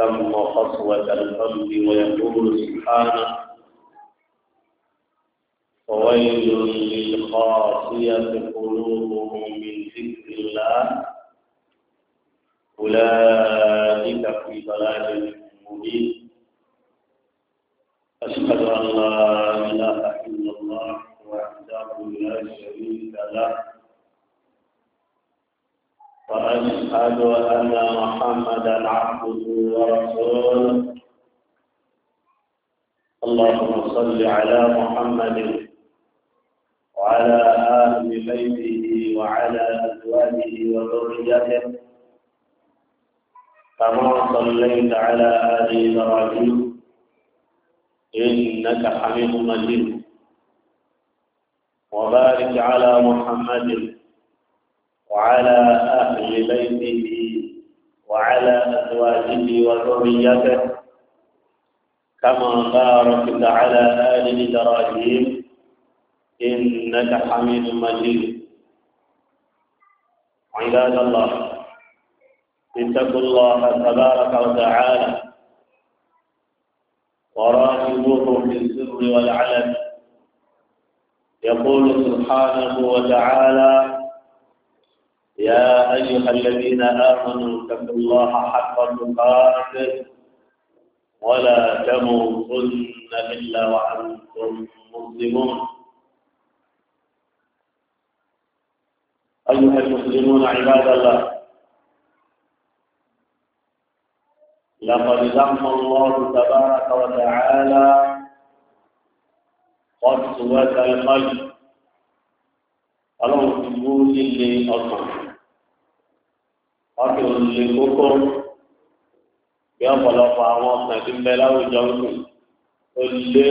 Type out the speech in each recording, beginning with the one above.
ثم قسوة الحمد ويقول سبحانه وويل للقاسية قلوبهم من ذكر الله أولئك في ضلال مبين أشهد أن لا إله إلا الله وحده لا شريك له محمدا عبده ورسوله اللهم صل على محمد وعلى آل بيته وعلى أزواجه وذريته كما صليت على آل إبراهيم إنك حميد مجيد وبارك على محمد وعلى أهل بيته وعلى أزواجه وذريته كما باركت على آل إبراهيم إنك حميد مجيد عباد الله اتقوا الله تبارك وتعالى وراقبوه في السر والعلن يقول سبحانه وتعالى يا أيها الذين آمنوا اتقوا الله حق تقاته ولا تموتن إلا وأنتم مسلمون أيها المسلمون عباد الله لقد ذم الله تبارك وتعالى قسوة القلب ألو ti لي أصلاً ọdún olè kókó bí ọ̀pọ̀lọpọ̀ àwọn ọ̀sẹ̀dún bẹ láwùjọ ń sùn olè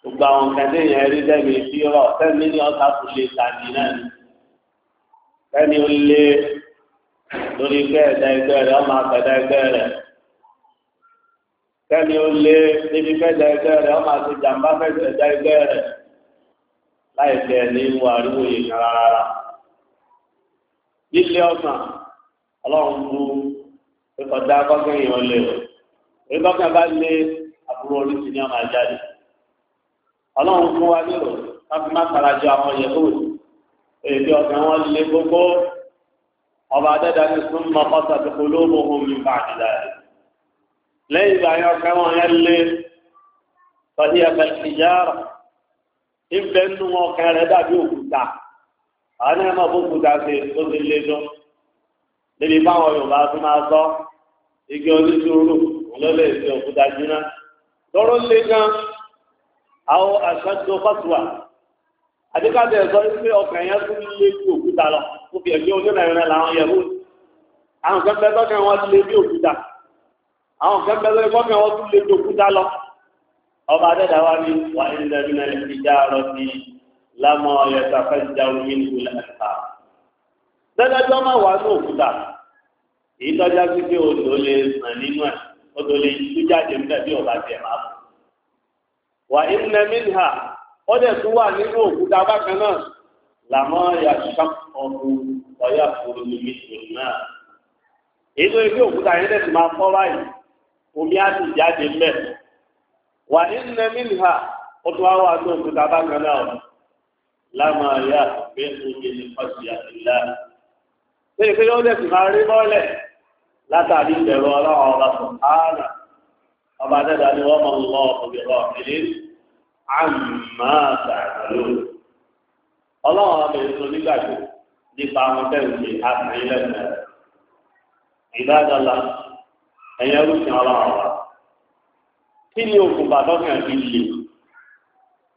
gbogbo àwọn kẹ́tẹ́ yẹn rí dẹ́mi bí ọ̀rọ̀ sẹ́mi ní ọ̀sà tó lè tàbí náà ni sẹ́mi olè lórí ẹgbẹ́ ẹ̀dá ẹgbẹ́ rẹ̀ ọmọ àtẹ̀dá ẹgbẹ́ rẹ̀ sẹ́mi olè níbi fẹ́ẹ̀dá ẹgbẹ́ rẹ̀ ọmọ àti jàmbá fẹ́ẹ̀dá láì tẹ̀ ní wàrúwòye rárá lílé ọ̀sán ọlọ́run mú ìkọjá akọ́kẹ́ èèyàn lé o ìkọ́kẹ́ bá lé àbúrò oríṣi ní ọmọ àjáde ọlọ́run fún wa lérò káfí má farajọ àwọn yẹ̀hóòdì èdè ọ̀sán wọn lé gbogbo ọba adẹ́dá ní sún mọ́ pọ́sà tó kó lóòbù ohun mi bá àdìdá rẹ̀ lẹ́yìn ìgbà yẹn ọ̀sán wọn yẹn lé tọ́jú ẹ̀fẹ̀ ìyára ìfẹ́ nínú ọkàn rẹ̀ dàbí òkúta àwọn ẹni mọ̀ fún kùtà ṣe ó ti lé tó níbi báwọn Yorùbá tó máa sọ igi oníṣòro ló lè fi òkúta jiná lọ́rọ́ lé gan àwọn àṣàjọ fásitì àdékàtà ẹ̀sọ́ pé ọkàn yẹn tún lé bí òkúta lọ ó fi ẹ̀gbẹ́ onírànràn làwọn yẹ̀wò àwọn kan bẹ́ẹ̀ tọ́kàn wọn lé bí òkúta àwọn kan bẹ́ẹ̀ tọ́kàn wọn tún lé bí òkúta lọ ọba adẹ́dàá wa ní ìlẹ́bí náà ti já sí i lámọ́ ọ̀yẹ̀ta fẹ́ ja omi ní ìlú ẹ̀ka. Dẹ́dẹ́jọ́ máa wà ní òkúta. Èyí tọ́já sí pé odò lè sàn nínú ẹ̀, odò lè tú jáde ńbẹ̀ bí ọ̀bá tiẹ̀ máa bù. Wà ìnà mílíà, ó dẹ̀ tún wà nínú òkúta bákan náà. Làmọ́ ọ̀yà ṣàkóso ọ̀yà fòrò ní mìtìrì náà. Èyí tó yẹ kí òkúta yẹn tẹ̀sí máa fọ́ báyìí, omi á sì jáde ńbẹ̀. Wà ìnà mílíà, ó tún wá wà ní òkúta bákan náà. lámà yá pé oye ní pàṣẹ àtìlá. Ṣé ìpín yóò lè máa rí mọ́lẹ̀ látàrí ìbẹ̀rù ọlọ́run ọba sọ̀tánà? Ọba dẹ́dà ni wọ́n máa ń lọ Ọlọ́run ọba nígbàgbọ́ nípa àwọn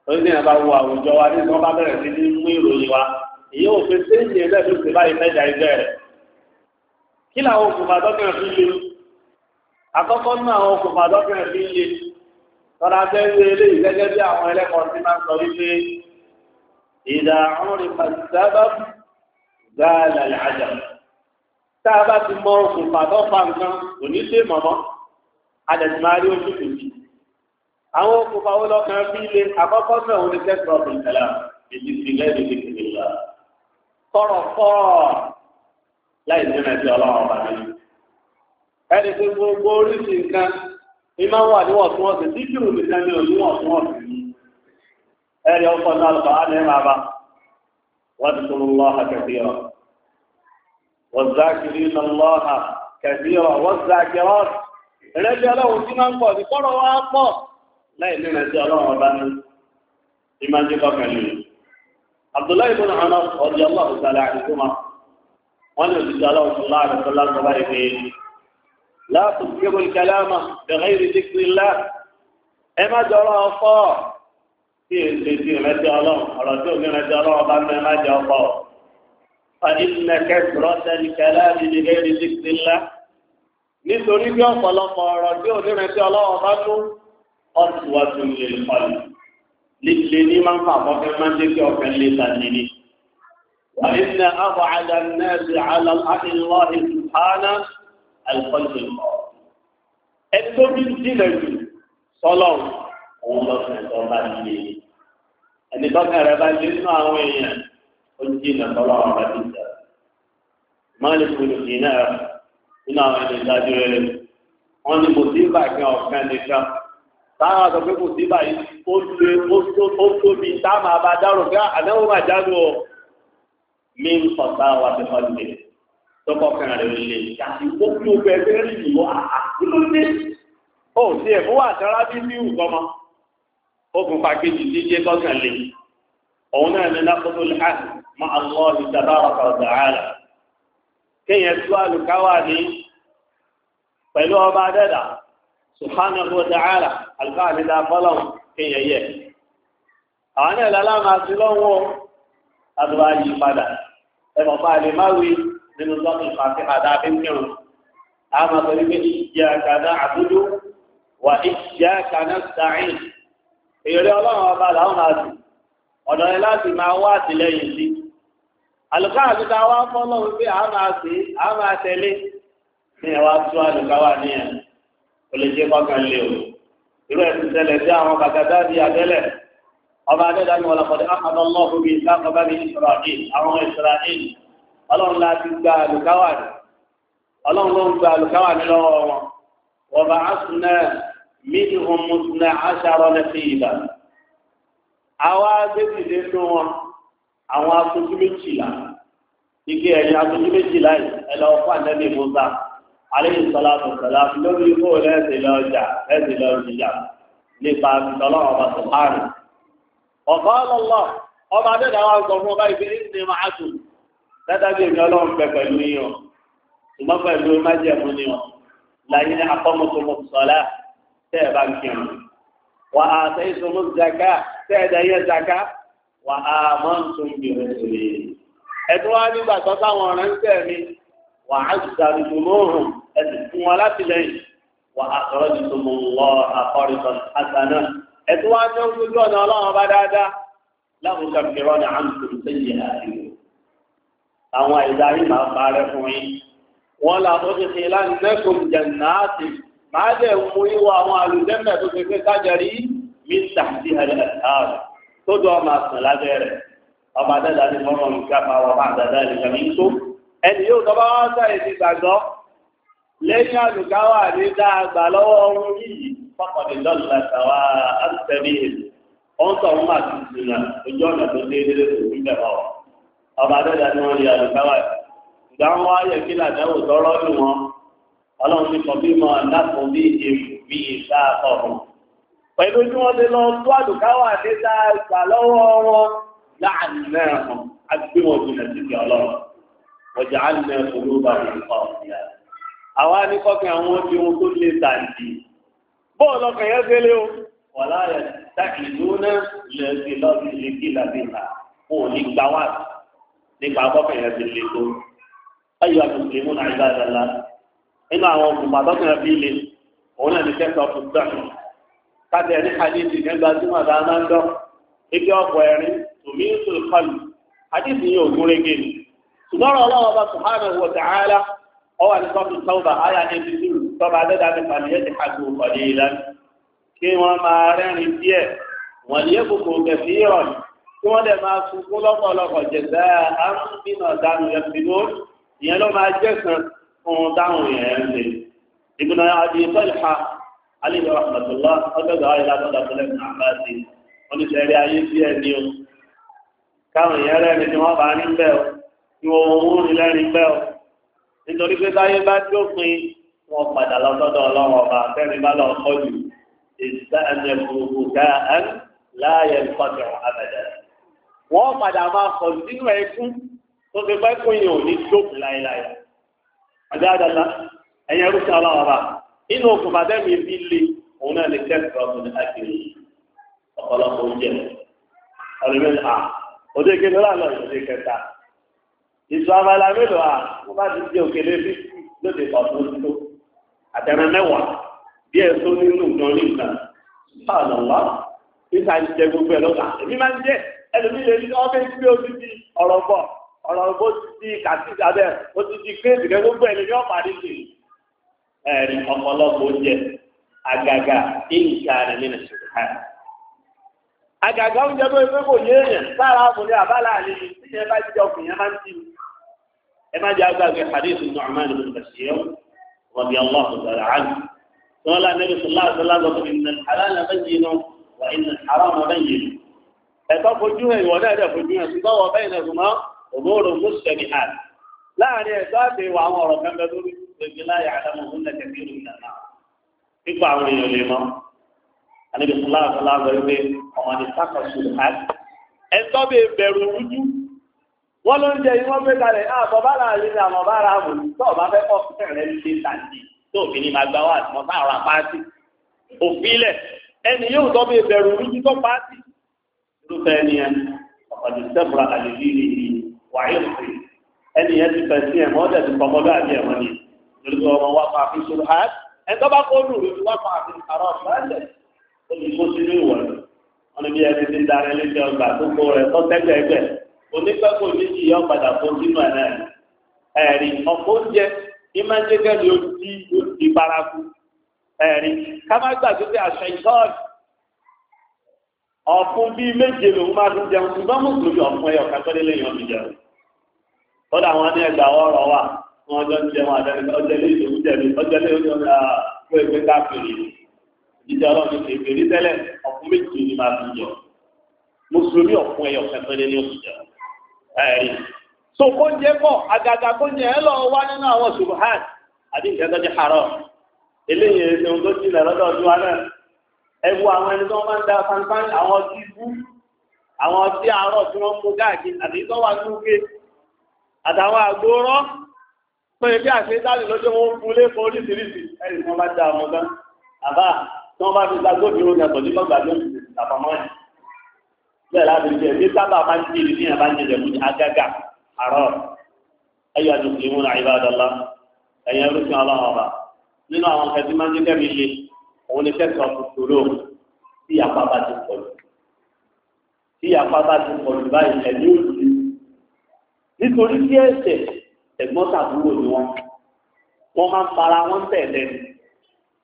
torí ní ìyàbá wo àwùjọ wa ní ìgbọ́n bá bẹ̀rẹ̀ sí ní mú ìròyìn wa èyí ò fi séyìn ẹlẹ́dùn sí báyìí mẹ́jà ẹgbẹ́ rẹ̀ kí làwọn okùnfà dọ́kàn fi le àkọ́kọ́ nínú àwọn okùnfà dọ́kàn fi le tọ́lá fẹ́ wí eléyìí gẹ́gẹ́ bí àwọn ẹlẹ́kọ̀ọ́ sí máa ń sọ wípé ìdá ọ̀rìn pàṣípàṣá gbáàlà làájà tá a bá ti mọ okùnfà tó fa nǹkan kò ní àwọn òkùnfà wo lọ́kàn fi lé àkọ́kọ́ náà wọn ni kẹ́kọ̀ọ́ fi tẹ̀lá èyí ti lẹ́yìn ní kìnìún la kọ́rọ̀ kọ́ láì nínú ẹ̀sìn ọlọ́run ọba mi ẹni pé gbogbo oríṣi nǹkan ní máa ń wà níwọ̀ntúnwọ̀nsì tí kìrù nìkan ní òníwọ̀ntúnwọ̀nsì ní ẹni ọkọ̀ náà lọ́kọ̀ á ní máa bá wọ́n ti kúrú lọ́ha kẹfìrọ̀ wọ́n zákìrì náà lọ́ha kẹfìrọ̀ wọ́n zákìrọ̀ ìrẹ́jọ́ ọlọ́run tí máa ń pọ̀ sí kọ́rọ̀ wá pọ̀ láì nínú ẹsẹ̀ ọlọ́run ọba ní ìmájú kọkànlẹ̀ yìí abdullahi bin hana ọdí ọlọ́run sàlẹ̀ àdìsúmọ̀ wọn ni òṣìṣẹ́ ọlọ́run tó láàrin tó láàrin ọba ìpè láàtò kébù kẹlẹ́mà bẹ̀rẹ̀ ìrìndíkì ńlá ẹ má jọrọ ọfọ tí èsì ti rẹjọ ọlọ́run ọ̀rọ̀ tí òní rẹjọ ọlọ́run ọba mẹ́ má jẹ ọfọ fàdínà kẹsìrọ sẹni ní ìrìndíkì tí òní rẹjọ tún ọ̀tíwá tó ń lè lọ́pàá líle ní máa ń fà fọ́fẹ́ máa ń jẹ́ kí ọ̀fẹ́ lè ta nìyí. وإن أبعد الناس على الأمر الله سبحانه القلب المرض ẹtọ́bí sílẹ̀ jù sọ́lọ̀ òun lọ́sẹ̀ tó bá lé ẹni tọ́ka rẹ̀ bá lé nínú àwọn èèyàn ó ń jí ìlẹ̀ sọ́lọ̀ ọ̀rọ̀ bá ní mo sí ìbàkẹ́ ọ̀kan táwọn àgbẹ̀ pé kò sí báyìí ó lé ó tóbi táwọn àbá dárò gá ah, àdáwò máa jáde ọ mí ń kọ̀tà ah, ah, wà sí ọ̀lẹ̀ tọkọ kan rẹ̀ lè àti ó kí o bẹ̀rẹ̀ bẹ́ẹ̀ rìn wá àkúlódé ó sì ẹ̀ fún àtàrà bí ní ìwùkọ́mọ ogun pàkejì tí jẹ́ kọ́kàn lè òun náà ní lákòókò láàrín ma Allah tabaraka wa ta'ala kéèyàn tó àlùkáwà ní pẹ̀lú ọba dẹ́dà subhanahu wa ta'ala àlùfáà ní dáa fọ́lọ́hùn kéèyàn yẹ. àwọn náà lálámà sí lọ́wọ́ àdúrà yí padà ẹ̀mọ̀ bá a lè má wí nínú sọ́kùn fàtí àdá abẹ́kẹ́rùn. a máa sọ wípé ìjà kaná àbújú wà ìjà kaná sàáìn. èrè ọlọ́run ọba làwọn máa sùn ọ̀dọ̀ ni láti máa wá a máa sí a máa tẹ̀lé ní ẹ̀wà tó àlùkáwà ní ẹ̀ kò jẹ́ kọ́kàn lé irú ẹ̀sìn tẹ́lẹ̀ sí àwọn kàkàtà di àtẹ́lẹ̀ ọba adédáni wọn lọ́kọ̀dé ahmed ọlọ́ọ̀fù bíi sáfọ́bá bíi israel àwọn israel ọlọ́run láti gba àlùkáwà ní ọlọ́run ló ń gba àlùkáwà ní lọ́wọ́ wọn wọ́n bá asùnà mílíọ̀n mùsùnà aṣáárọ̀ lẹ́sìn ìgbà àwa bébì lé wọn àwọn aṣojú méjìlá ike ẹ̀yìn aṣojú méjìlá yìí ẹ̀ lọ́wọ́ fún àtẹ́lẹ̀ mọ́sá alayhi salatu salam lórí ikú lẹ́sìn lọ jà lẹ́sìn lọ jìyà nípa ìtọ́lọ́ ọba sùhárì. ọ̀kọ́ lọ́lọ́ ọba adéda wa sọ fún ọba ìbí ní máa tù dáadáa bí èmi ọlọ́run bẹ pẹ̀lú yín o ṣùgbọ́n pẹ̀lú májẹ̀mú ni o láyé ní akọ́mọkọ́mọ tẹ́ ẹ bá ń kírun. wà á tẹ́ ìṣòro zaka tẹ́ ẹ̀dá yẹ zaka wà á máa ń tún wá nígbà tó táwọn ọ̀rẹ́ ń tẹ̀ mí wà á ti dàrú ẹsì fún wọn láti lẹ́yìn wà àtọ́rọ́ ti tó mọ lọ àkọ́rìtàn àtàná ẹ̀tún wá ní ojú ọ̀nà ọlọ́run bá dáadáa láwọn kàfìrọ́ ní àǹtò sẹ́yìn àdìgbò àwọn ìdarí máa parẹ́ fún yín wọn là tó ti fi lánàkùn jẹ̀nàátì máa dẹ̀ mú ìwọ àwọn àlùjẹ́mẹ̀ tó fi kájẹrí mí tàbí àlùjáàrù tó dọ̀ ọmọ lẹ́yìn àlùkáwà ní dáàgbà lọ́wọ́ ọrùn yìí pápọ̀dé lọ́la tàwa àtẹ̀lé ọ̀ǹtọ̀ ń máa ti sùn náà ojú ọ̀nà tó dé délé kò ní bẹ̀rẹ̀ ọ̀. ọba dẹ́dà ni wọ́n rí àlùkáwà ìgbà wọn kí làdáwò tọrọ ní wọn ọlọ́run ti kàn bí mọ lákùn bí èèmù bí ìta ọ̀run. pẹ̀lú tí wọ́n ti lọ tó àlùkáwà ní dáàgbà lọ́wọ́ wọn láàánú náà hàn á gbé wọn jìnnà àwa ní kọ́kàn àwọn ti ohun tó lè tàǹdì bọ́ọ̀lù ọkàn yẹn gbélé o wàlá rẹ̀ dákìlì lóná lẹ́sì lọ́sì lè kí làbí ìlà kò ní gbà wá nípa kọ́kàn yẹn ti lè tó ayọ̀ àtúntò ìmúna ìlà ìlà nínú àwọn ogun pàtọ́kàn yẹn fi lè òun náà ní kẹ́kọ̀ọ́ fún dáhùn kájẹ ní hadithi ní gbajúmọ̀ dáadáa ń ike ọ̀pọ̀ ẹ̀rín tòmí ń sùn kọlù hadithi yìí ògún ṣùgbọ́n ọlọ́wọ́ bá sùhánà wọ̀ tààlà ọwọ́ àti sọ́tún sọ́ọ̀bà ayà ní ìdíjú tọ́ba adẹ́dàbí pàlíyẹ́ ti hàgbò pàdé ìlànà e kí wọ́n máa rẹ́rìn díẹ̀ wọ́n lé gbogbo kẹfì ìrọ̀lì kí wọ́n dẹ̀ máa sunkún lọ́pọ̀lọpọ̀ jẹ̀dá àmúbínà dànù ẹ̀fìnú ìyẹn ló máa jẹ́sàn fún dáhùn yẹn ń lè. ìgbìnà àti ìtọ́lìfà alẹ́ rahmatulá ọgbẹ́gbẹ́ ayé látọ̀dọ̀ fúnlẹ̀ fún nítorí pé báyé bá dópin wọn padà lọ sọ́dọ̀ ọlọ́run ọba fẹ́mi bá lọ kọ jù ìsá ẹni ẹkùnkùn dá ẹn láàyè nǹkan abẹdẹ wọn padà máa kọ sínú ẹkún tó ti fẹ́ kó yẹn ò ní dópin láéláé ọjọ́ àdàlà ẹ̀yẹ rúṣà ọlọ́run ọba inú okùn bàbá mi bí le òun náà lè kẹ́kọ̀ọ́ ọ̀gbìn àgbèrè ọ̀pọ̀lọpọ̀ oúnjẹ ọ̀rẹ́mẹ́ta òde kẹta ìtò abala mélòó a wọ́n bá ti di òkèlè bí lóde ọ̀tún tó àtẹ̀rẹ̀ mẹ́wàá bí ẹ tó nínú ìjọ ní ìgbà sùpàlọ̀ wá níta ń jẹ gbogbo ẹ̀ lọ́gà èmi máa ń jẹ ẹlòmí lè ní ọ́fẹ́ gbé ojú di ọ̀rọ̀ bọ̀ ọ̀rọ̀ bó ti di kàtí abẹ́ ó ti di kéèdì kẹ́ gbogbo ẹ̀ lè ní ọ̀pá ní ti ẹ̀rí ọ̀pọ̀lọpọ̀ oúnjẹ àgàgà ìyíká rẹ̀ nínú ṣùgbọ́n ẹ má jẹ́ agbáàgbé hadith Nu'man bin Bashir radiyallahu ta'ala anhu tí wọ́n lá nẹ́bí sọ̀lá àtàlá lọ́kọ̀ ìnà àlànà bẹ́yìn náà wà ìnà àràmà bẹ́yìn náà ẹ̀tọ́ fojú hàn ìwọ̀n náà dẹ̀ fojú hàn ṣùgbọ́n wọ́n bẹ́yìn náà ṣùgbọ́n òmòrò mùsùlùmí hàn láàrin ẹ̀tọ́ àti ìwà àwọn ọ̀rọ̀ kan bẹ lórí ìgbèjì láyé àdámọ̀ òun náà bẹ̀rù rújú wọ́n ló ń jẹ ìwọ́n gbé kalẹ̀ náà ah, bọ́bá láàrin ní àwọn bára àmù tó ọba fẹ́ kọ́ fún rẹ̀ ní ṣe tàǹdì tó òfin ní máa gba wá àtúmọ̀ sáàrọ̀ apáàtì òfilẹ̀ ẹni yóò tọ́ bí ìbẹ̀rù orí tó pààtì lófẹ́ ẹni yẹn ọ̀pọ̀lọpọ̀ sẹ́fura àlejò ìlú ìlú wàhálà ìlú ẹni yẹn ti fẹ̀ sí ẹ̀mọ́ ọ̀dẹ̀ ti pọ̀mọ́dọ̀ àbí ẹ̀mọ́ ni lórí ọmọ wá onígbàgbọ́ méjì yọ padà fún sínú ẹ̀ náà ẹ̀rí ọ̀pọ̀ oúnjẹ ní máa ń jẹ́ kẹ́lẹ́ odi odi paraku ẹ̀rí ká má gbàgbé pé àṣà ìtọ́ọ̀dì ọ̀fun bíi méje lòun máa fi jẹun ṣùgbọ́n mùsùlùmí ọ̀fun ẹ̀yọ̀ kan tọ́lé lẹ́yìn ọ̀fi jẹun tọ́lá àwọn ní ẹgbà ọ̀rọ̀ wà wọn jọ ń jẹun àdáni ọjọ́lé ìṣòwò jẹ̀bi ọjọ́lé ìṣòwò àwọn ẹgbẹ́ káfíìrì jíjẹ ọlọ́run ti fèrè tẹ́lẹ̀ ọ̀fun méje ni máa fi jẹun mùsùlùmí ọ̀fun ẹ̀yọ̀ kan tọ́lé lẹ́yìn ọ̀fi jẹun ẹ̀rí so kó jẹ́ pọ̀ àgàgà kó ẹ lọ wá nínú àwọn subhan àti nǹkan tó ti eléyìí ẹsẹ̀ ohun tó jìnà lọ́dọ̀ ọdún wa náà ẹ wo àwọn ẹni tó máa ń da fanfan àwọn tí bú àwọn àárọ̀ tí wọ́n mú tó wà àtàwọn pé bí lọ́jọ́ wọn fún fún oríṣiríṣi bẹ́ẹ̀ láti jẹ́ bí sábà máa ń jẹ́ ìlú ní àbá ń jẹ́ mú ní agága àárọ̀ ayé àdùnkùn ìmúna ìbádọ́lá ẹ̀yẹn rúṣì ọlọ́run ọba nínú àwọn kẹtí máa ń jẹ́ kẹ́mi le òun ni kẹ́kọ̀ọ́ kòkòrò tí apá bá ti ń para wọ́n tẹ̀lé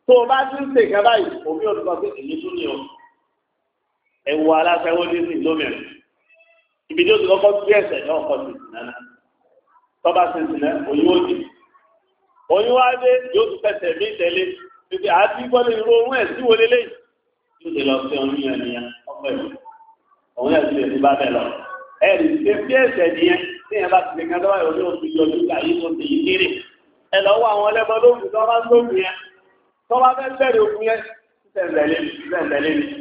tó bá ti ń ṣèkẹ́ báyìí ẹwọ aláfẹwọ nísìn lómìnir ibi tí o ti kọ́kọ́ gbé ẹsẹ̀ náà kọ sí ìsìn náà tọba sí ìsìn náà oyún òdì oyún wa dé yóò tún fẹsẹ̀ mí tẹ́lẹ̀ pípẹ àti gbọ́dọ̀ irú ohun ẹ sí wọlé lẹ́yìn tí o ti lọ sí ọyún yẹn nìyẹn ọpẹ òun ẹsẹ̀ lè ti bá bẹ lọ ẹ rí ṣe bí ẹsẹ̀ nìyẹn tí yẹn bá ti lè kẹta báyìí oyún òdì yọjú ká yí tó ti yí kéré ẹ lọ wọ àwọn ẹlẹbọ lóògùn tó bá ń lóògùn yẹn tó bá fẹ́ bẹ̀rẹ̀ ògùn yẹn tẹ̀lé ní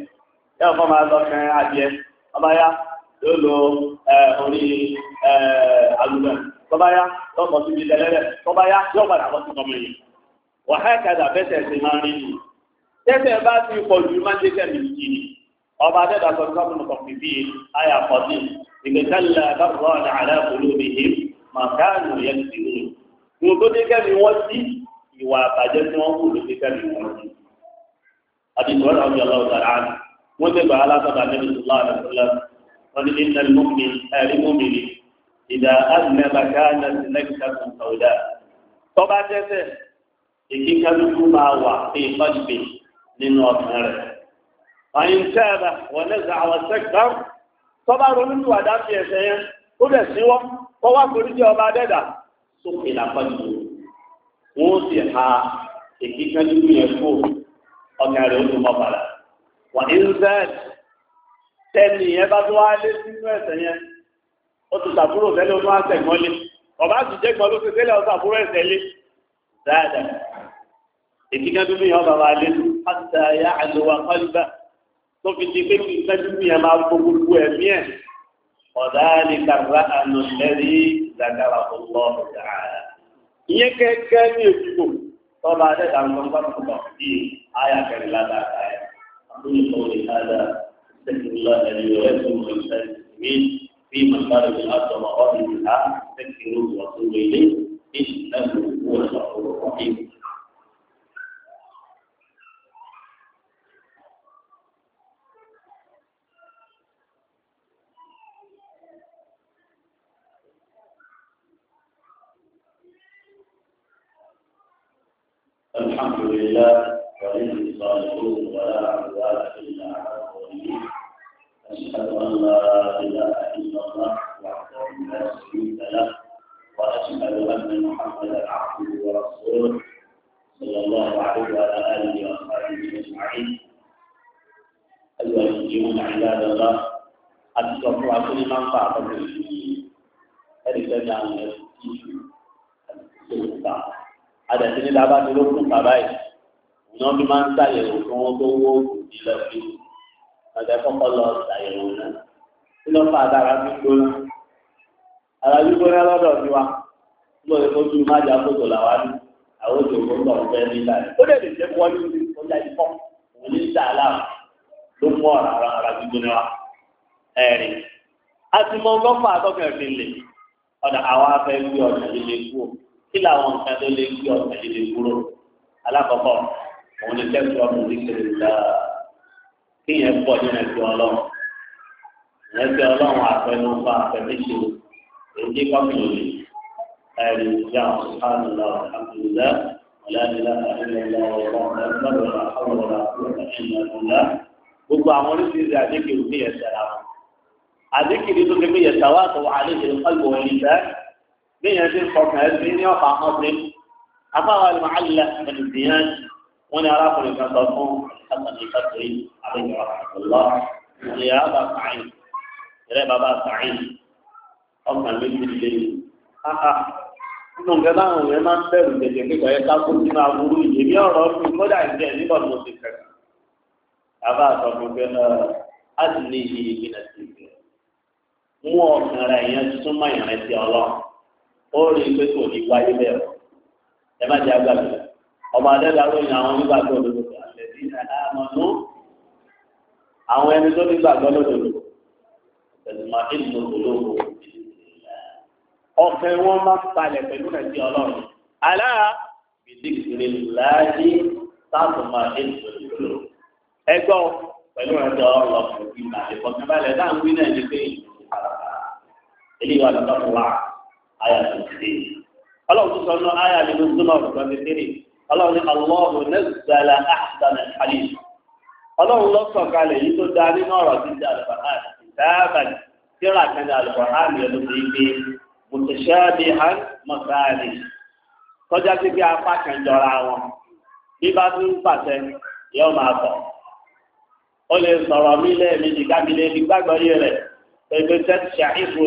yóò fọ́ máa lọ́kàn adìẹ ọba yá yóò lo orí alùpẹ̀ tọ́ba yá lọ́kọ̀ síbi tẹ́lẹ́lẹ̀ tọ́ba yá yóò padà lọ sí ọmọ yìí wàhálà kàdà bẹ́sẹ̀ sí máa rí ni tẹ́sẹ̀ bá ti pọ̀ ju máa ń tẹ́sẹ̀ mi jì ní ọba tẹ́ta sọ gọ́ọ̀mù kọ̀ọ̀kì bíi àyà fọ́tì ìgbẹ́kẹ̀lẹ̀ àbáwọ̀ àdá olómi yìí màkánù yẹn ti wù ní tó tẹ́kẹ́ mi wọ́n sí ìwà àbàjẹ́ tí wọ́n kù ló tẹ́kẹ́ mi wọ́n sí. àdìsọ́nà ọ̀gbìn ọlọ́ọ̀dà rárá wọ́n lè bá alásọ̀dà níbi sọ̀lá àdàsọ́lá wọ́n ní ìtàn mọ́mí ẹ̀rí mọ́mí ni ìdá àdìmẹ́bà káàdà sí lẹ́kìtà tó ń sọ̀dá. tọ́ba tẹ́sẹ̀ èké kálukú máa wà pé ìfọ́jìbè nínú ọ̀sán rẹ̀. àyìn tẹ́ẹ̀bà wọ́n lẹ́sẹ̀ àwọn sẹ́kítà tọ́ba ronú wàdà fi ẹ̀sẹ̀ yẹn ó bẹ̀ síwọ́ kọ́wá wọ́n sì ha èké kálukú yẹn fò ọ̀gá wà ní zed tẹ́ni yẹn bá tó wá lé sínú ẹ̀sẹ̀ yẹn ó ti sàbúrò tẹ́lẹ̀ ó tó wá sẹ̀gbọ́n lé ọba sì jẹ́ gbọ́n ló ti tẹ́lẹ̀ ó sàbúrò ẹ̀sẹ̀ lé dáadáa èyí kan dúdú yẹn ọba wa lé pátá yá àlùwà kọ́lùbà tó fi di pé kí nǹkan dúdú yẹn máa gbó gbogbo ẹ̀mí ẹ̀ ọ̀dà ni kàrà ànà lẹ́rí ìdàgàrà ọ̀lọ́ ọ̀dàrà ìyẹn kẹ́kẹ́ ní أقول قولي هذا أستغفر الله لي ولكم ولسائر المسلمين في مخارج الأرض ومغاربها أستغفروه وأتوب إليه إنه هو الغفور الرحيم الحمد لله ولله الصالحون ولا عباد الا على الظالمين اشهد ان لا اله الا الله وحده لا شريك له واشهد ان محمدا عبده ورسوله صلى الله عليه وعلى اله وصحبه اجمعين ايها المسلمون عباد الله اتقوا كل من فاق به ذلك جعل الناس تيجي adẹ̀sí ní lábá tó ló kún bàbá yìí ìyàn bí máa ń ṣàyẹ̀wò kí wọ́n tó wó òkùnjì lọ sí i ọ̀dẹ kọ́kọ́ lọ ṣàyẹ̀wò náà kí ló fà dára gbígbóná ara gbígbóná lọ́dọ̀ sí wa ló lè fojú májà fòtò làwa ní àwọn òjò kó ń bọ̀ fẹ́ nígbà yìí ó lè lè ṣe wọ́n ní ọjà ìfọ́ òun ní sàlá ló mú ọ̀rọ̀ ara gbígbóná wa ẹ̀rì àti mọ̀ ọgọ́fà àtọ́kẹ̀ẹ́ fi lè ọ̀dà àwa fẹ́ gbé ọ̀dà líle kú kí làwọn nǹkan tó lè gbé ọ̀sẹ̀ yìí lè kúrò alákọ̀ọ́kọ́ òun lè tẹ́tù ọmọ oníkèrè la kí yẹn pọ̀ nínú ẹgbẹ́ ọlọ́run ẹgbẹ́ ọlọ́run àfẹnufà àfẹnusẹ èdè kọ́mìnì ẹ̀rí ìjà ọ̀sánlá àbúlá ọ̀làdìlá àdìlá ọ̀rọ̀ ẹgbẹ́rún àkọ́wọ́lá ẹ̀yìnlá gbogbo àwọn oríṣiríṣi àdékìrì ní ẹ̀sẹ̀ àwọn àdékìrì tó ti fi yẹ̀sà wà بين جنس وكهذبين يقع مظلم أفاوى المعلة من الزيان ونراك لكتبهم حسن البصري عليه رحمة الله يا أبا سعيد يا بابا سعيد أصلا من الجن nínú nǹkan táwọn èèyàn máa ń bẹ̀rù tẹ̀tẹ̀ pé kọ̀yẹ́ ká kó sínú aburú ìdèmí ọ̀rọ̀ ọdún kódà ìdí ẹ̀ nígbà tó ti kẹ̀kẹ́. bàbá àtọ̀kùn pé á sì ní iye ìgbìnà sí ìgbìnà. mú ọkàn rẹ̀ yẹn súnmọ́ ìrántí ọlọ́run ó rí i pé kò ní wáyé bẹ́ẹ̀ rọ ẹ má jẹ́ agbára ọba adẹ́gbà ló yin àwọn onígbàgbọ́ òdodo àlẹ́bí àmọ́nú àwọn ẹni tó nígbàgbọ́ lódodo ẹ̀sùn máa ń lo olóko ọ̀fẹ́ wọn máa ń palẹ̀ pẹ̀lú ẹ̀sìn ọlọ́run alá bìdíkìrì láàyè sáàtò máa ń lo olóko ẹgbọ́ pẹ̀lú ẹ̀sìn ọlọ́run lọ́kùnrin ìgbà àlẹ́kọ̀ọ́ kí n bá lẹ̀ dáhùn wí náà ní pé ìlú àlàkà eléyìí wà lọ́kùnrin wà. àyà tó ti dé. ọlọ́run tó sọ nínú àyà mi ló zuma ọ̀gbọ́n mi tẹ́lẹ̀ ọlọ́run ní alọ́ọ̀rù nẹ́gbẹ̀lá àṣàlẹ̀ àlè. ọlọ́run kalẹ̀ yìí tó nínú ọ̀rọ̀ ti gbé hàn tọ́já sí apá kan jọra wọn bí bá tún pàṣẹ máa tọ̀ ó lè sọ̀rọ̀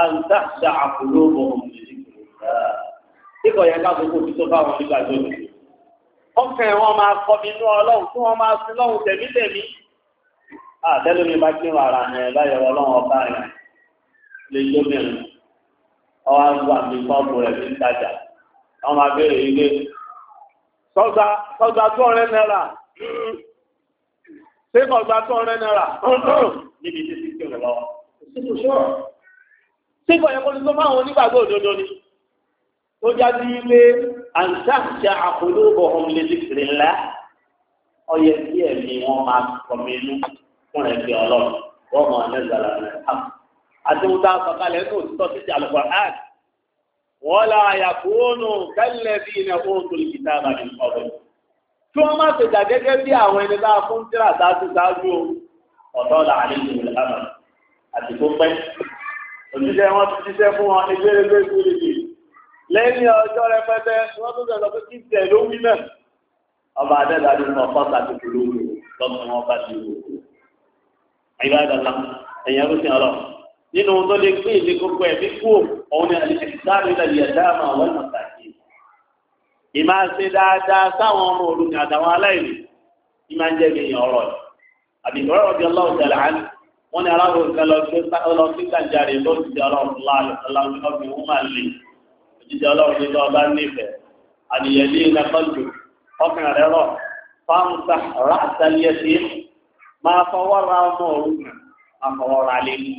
àǹtà ṣe àkùrọ̀ ọmọ ìkọ̀ yẹn ká gbogbo fi tó bá wọn nígbà tó lò. ọkàn wọn máa kọ mi inú ọlọ́run tí wọ́n máa sin lọ́hùn tẹ̀mítẹ̀mí. àtẹ́lómi bá kírun ara yẹn báyọ̀ ọlọ́run ọba yẹn lè lómìnira ọwọ́ àgbà mi kọ́ọ̀bù rẹ̀ ní ìtajà wọ́n máa béèrè ilé. sọ́gbà tó rẹ̀ náírà ṣé kọ̀gbà tó rẹ̀ náírà níbi tí ti kírun sígbà yẹn kọ́ni tó máa wọn nígbàgbọ́ òdodo ni tó jáde ilé àǹtàṣà àpolówó ọ̀hún lè ti fèrè ńlá ọyẹ tí ẹ̀mí wọn máa kọ̀mí inú fún ẹ̀fẹ̀ ọlọ́run wọ́n mọ̀ ọ́n lẹ́sẹ̀ àlàyé ah, náà àdéhùn tá a sọ kalẹ̀ ní òtítọ́ títí àlùkò áàd àwọn ẹni tá fún tíra sáájú sáájú ọ̀dọ́ làálẹ́ ìlú àti tó pẹ́ òṣìṣẹ́ wọn ti ṣiṣẹ́ fún wọn ìgbéregbé lẹ́yìn ọjọ́ rẹpẹtẹ wọ́n tó lọ́pẹ́ kí tẹ̀ ló wí náà ọba ló wọn bá ti wò ó. ẹ̀yìn nínú tó lè gbogbo ẹ̀mí kú òun ni àlejò ẹ̀dá ìmọ̀ta wọ́n ní arákùnrin kan lọ sí kàjáre lójijì ọlọ́run láàyè ọlọ́run náà fi wúmà lè òjijì ọlọ́run nínú ọba nífẹ̀ẹ́ àdìyẹ ní ilẹ̀ kọ́jú ọkùnrin rẹ̀ rọ̀ fáńsà ráàtàlíyẹ sí máa fọwọ́ ra ọmọ òrukàn máa fọwọ́ ra lé ní.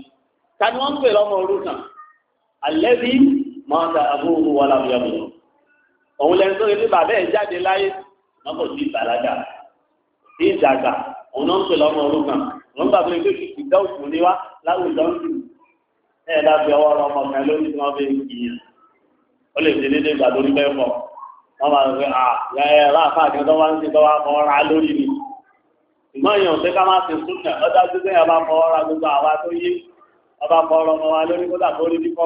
tani wọ́n pè lọ́mọ òrukàn alẹ́ máa ta àbúrò wọn làwọn yẹn mú òun lẹ́nu tó yẹ bàbá ẹ̀ jáde láyé wọ́n sí ìbàlágà sí ìdàgbà òun náà pè lọ́mọ òrukàn wọn gbàgbé pé kìkì dá òkú ní láwùjọ ń dùn ẹ ẹ dábì ọwọ́ ọmọ kan lórí tí wọn fi ń kì ó lè ṣe déédéé gbà lórí bẹ́ẹ̀ pọ̀ wọn máa fi à yà ẹ ráàfà kan tó wá ń ṣe tó ọ̀rá lórí ni ìmọ̀ èèyàn pé ká má ṣe súnà lọ́jà tó sẹ́yìn ọba fọ ọ̀rá gbogbo àwa tó yé ọba fọ ọ̀rọ̀ ọmọ wa lórí kódà tó rí kíkọ́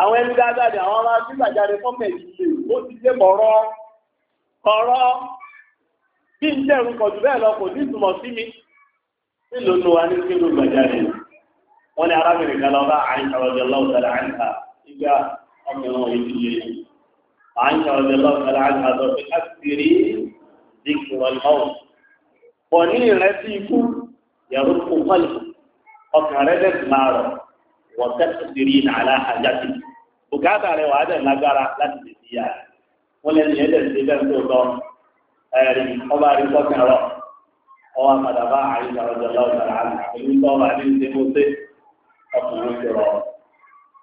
àwọn ẹni dáadáa ni àwọn ará gbígbàjáde fọ́mẹ̀lì ṣe ó ti lé mọ̀rọ́ ọ̀rọ̀ bí n jẹ́rù kọ̀ jù bẹ́ẹ̀ lọ kò ní ìtumọ̀ sí mi nílò ló wa ní kí ló gbàjáde wọ́n ní arábìnrin kan lọ bá àyíká ọjọ́ lọ́wọ́sọ̀rọ̀ ìgbà ọmọ ìdílé àyíká ọjọ́ lọ́wọ́sọ̀rọ̀ àyíká bùkátà rẹ̀ wàá dẹ̀ lágbára láti lè fi yá wọ́n lẹ́nu yẹn dẹ̀ ṣe bẹ́ẹ̀ tó lọ ẹ̀rí ọba rí kọ́kàn rọ̀ ọwọ́ àpàdà bá àyíká ọjọ́ lọ́wọ́ àlà pẹ̀lú tọ́wọ́ àbí ṣe mo ṣe ọkùnrin ti rọ̀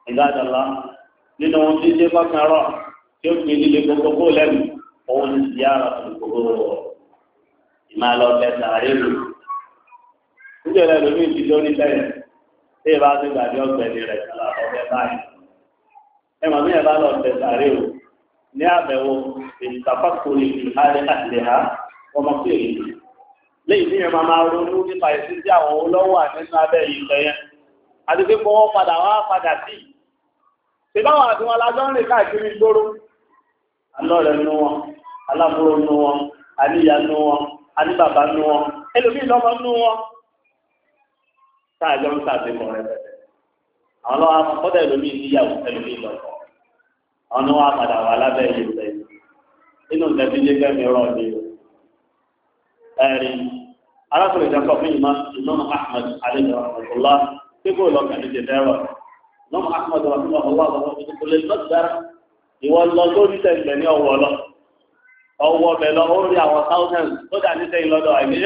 ìgbàdàlá nínú ohun tí ṣe kọ́kàn rọ̀ tí ó fi líle gbogbo kó lẹ́nu òun ti ṣe yára fún gbogbo ìmọ̀ lọ tẹ̀sán àrẹ́lù níjọ́ ìlẹ̀ lómi ìdíjọ́ nílẹ̀ tí ì ẹmà ní ẹ̀bá lọ tẹ̀ sàárè o ní àbẹ̀wò ìtàfàkùnrin ìhàlẹ̀ àtìlẹ̀há ọmọ sí èyí léyìí ní ẹ̀mà máa ronú nípa ẹ̀sìn tí àwọn olówó àtẹ́sí abẹ́ yìí sọ yẹn àti pé kọ́ wọ́n padà wá padà sí i ṣe báwọn àti wọn alájọ́ ń rìn káàkiri gbòòrò alọ́rẹ̀ nu wọn aláàbúrò nu wọn àníyá nu wọn àníbàbá nu wọn ẹlòmíì lọ́mọ nu wọn táàjọ ń sàbẹ̀mọ̀ rẹ̀ bẹ̀rẹ̀ àwọn lọ́wọ́ àwọn kọ́dà ìlómi ìyàwó ẹlòmí lọ́kọ̀ àwọn ni wọ́n á padà wà lábẹ́ yìí sẹ́ nínú ìtẹ́sí ilé fẹ́mi rọ̀ ni ẹ̀rí arákùnrin kan kọ́ fún ìmọ̀ ìmọ̀ Ahmad alẹ́ ọ̀rọ̀lá tí kò lọ kàn níjẹ fẹ́rọ̀ ìmọ̀ Ahmad ọ̀rọ̀lá kò lè lọ dára ìwọ lọ lórí tẹ̀sílẹ̀ ní ọwọ́ lọ ọwọ́ bẹ̀ lọ ó rí àwọn thousands tó dà ní sẹ́yìn lọ́dọ̀ àìní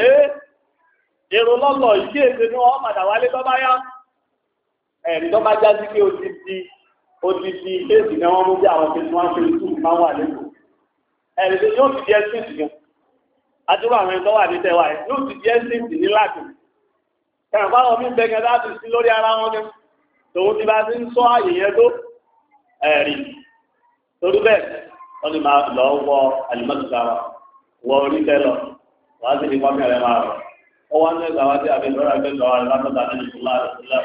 èrò lọ́lọ́ ìdí èdè ni wọ́n ẹ̀rí tó bá já sí pé ó ti di ó ti di kéèsì náà wọ́n mú bí àwọn tí wọ́n fi tù máa wà lẹ́kọ̀ọ́ ẹ̀rí tó yóò ti di ẹ́sìtì gan adúrú àwọn ẹni tó wà ní tẹwà ẹ̀ yóò ti di ẹ́sìtì ní láti kẹrìnfà wọn mi bẹ gan láti sí lórí ara wọn ni tòun ti bá ti ń sọ àyè yẹn tó ẹ̀rí torí bẹ́ẹ̀ wọ́n ti máa lọ wọ àlùmọ́tìkára wọ orí tẹ lọ wàá sì ní kọ́mí ẹ̀rẹ́ máa rọ̀ ọwọ́ ní ẹ̀ka wá sí àbẹ̀lọ́rọ̀ àbẹ̀lọ́rọ̀ látọ̀tà nínú ìfúnlá àdìsílẹ̀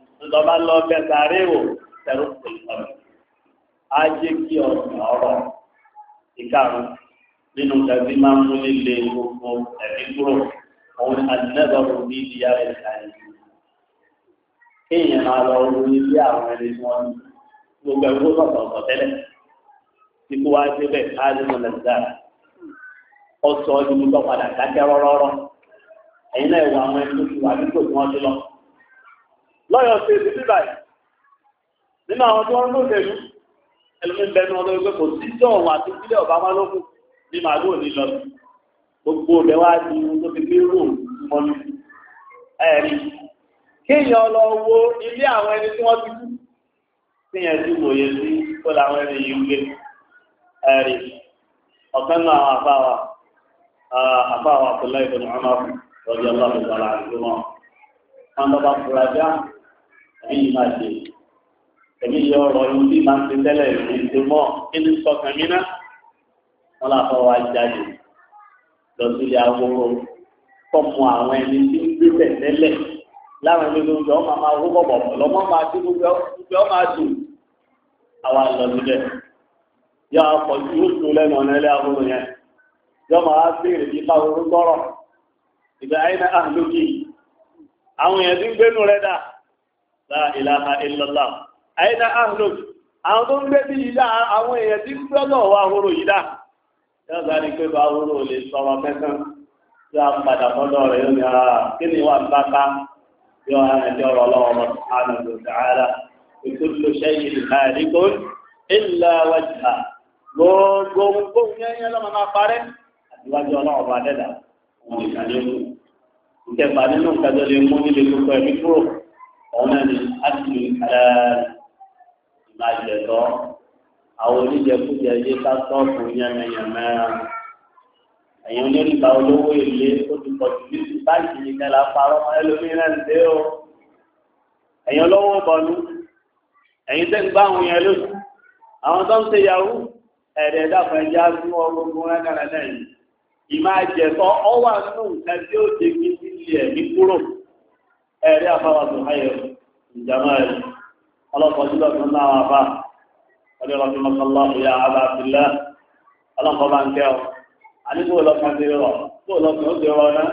ńlọba lọ bẹ sáré wò tẹrù pèlú ajé kí ọ̀rọ̀ ọ̀rọ̀ ìkarùn nínú gàdí máa ń mú líle gbogbo ẹ̀mí kúrò òun àdínẹ́bọ̀rù ní ìdí ara ìta yìí kéèyàn máa lọ ru ilé àwọn ẹni tí wọ́n gbogbo ẹ̀rú sọ̀tọ̀ọ̀tọ̀ tẹ́lẹ̀ ikú wa ṣe bẹ́ẹ̀ káàdì mọ̀lẹ́ dáa ọ̀sọ̀ ọdún tó padà dákẹ́ rọ́rọ́rọ́ ẹ̀yin náà wọ àwọn ẹni tó ti wà nípò tí wọ́n ti lọ lọ́yọ̀ ṣe ti bíbà yìí nínú àwọn tí wọ́n ló lẹ́nu ẹlòmí bẹnu ọdọ ìgbé kò sí tí ọ̀hún àti ìpínlẹ̀ ọ̀bá lókù ní màálù òní lọ gbogbo ọ̀bẹ wá di ohun tó fi gbé rò mọ́lú ẹ̀rí kéèyàn lọ wo ilé àwọn ẹni tí wọ́n ti kú kéèyàn sì wòye sí kó làwọn ẹni yìí ń gbé ẹ̀rí ọ̀kan náà àwọn àfáwà àfáwà àtúnlẹ̀ ìbùnú ọmọ ọ̀dọ̀ ọlọ́run sọ̀rọ̀ àdúgbò wọn wọn lọ bá fura já ẹ̀mí yìí máa ṣe ẹ̀mí yìí ọ̀rọ̀ ohun tí máa ń ṣe tẹ́lẹ̀ ní ṣe mọ́ kí ni sọkàn mí náà wọ́n láfọ́ wa jáde lọ sílé agogo kọ́mọ àwọn ẹni tí ń gbé tẹ̀tẹ́lẹ̀ láwọn ẹni tó ń jọ ọmọ máa rúbọ̀ bọ̀ lọ́mọ máa tí gbogbo ọmọ dùn àwa lọ sílẹ̀ yọ ọkọ̀ tí ó sùn lẹ́nu ọ̀nà ilé agogo yẹn yọ máa béèrè bí káwọn orúkọ rọ̀ ìgbà ayé náà àwọn èèyàn tí ń gbénu rẹ̀ dáa la ilaha illallah àyínà ahlul àwọn tó ń gbé bí ilá àwọn èèyàn tí ń gbọ́dọ̀ wá horo yìí dá yóò bá rí pé bá horo lè sọ̀rọ̀ mẹ́sàn yóò padà mọ́dọ̀ rẹ̀ yóò ní ara ah, kí ni wà ń bá ká yóò hàn ẹjọ́ rọ̀ lọ́wọ́ mọ́ ìkẹfà nínú ìkàjọ lè mú nílé gbogbo ẹ̀mí kúrò òun náà ni ásìlù ìkàlẹ́ máa jẹ̀tọ́ àwọn oníjẹkújẹ yé ká sọ́ọ̀bù yẹmẹyẹmẹ ẹ̀yin onírìbà olówó èlé ó ti pọ̀ jù níbi báńkì yìí kẹ́lá parọ́ ẹlòmíràn ń dé o ẹ̀yin olówó bọ̀nú ẹ̀yin tẹ́ ń gbá àwọn yẹn lóṣù àwọn tó ń ṣe yahoo ẹ̀rẹ̀ dàpọ̀ ẹ̀jẹ̀ á gbogbo ẹ̀ náà yìí ìmáa ọwọ́ àánú nǹkan tí ó ti fi sílẹ̀ ní kúrò ẹ̀rí àfáwà tó háyẹ̀ ìjàmá ẹ̀ ọlọ́pọ̀júlọ̀ tó náà àbá ọdẹ rọ̀bí mọ́sánlọ́pù ya àbá àfilẹ́ ọlọ́pọ̀bá ń kẹ́ ọ àníkó lọ́kàn ti rọ̀ kó lọ́kàn ó ti rọ̀ náà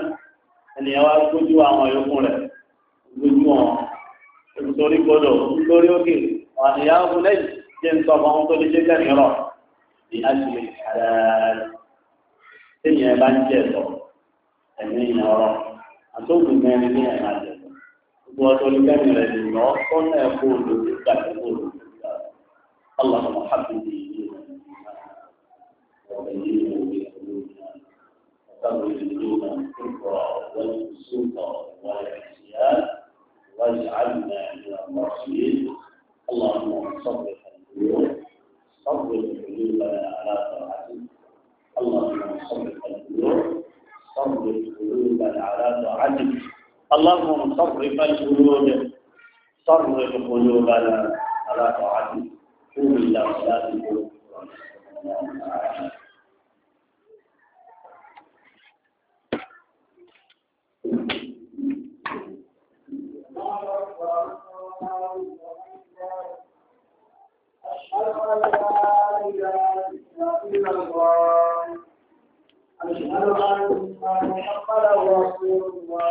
ènìyàn wá gbójú àwọn yòókù rẹ̀ gbójú wọn nítorí gbọdọ̀ nítorí òkè ọ̀nìyà ń fún wọ́n tó ní kẹ́mi rẹ̀ lè yàn ọ́ sọ́nà ẹ̀kọ́ olùdókòwò àti olùdókòwò. تحرق الجنود صرف قلوبنا على طاعتك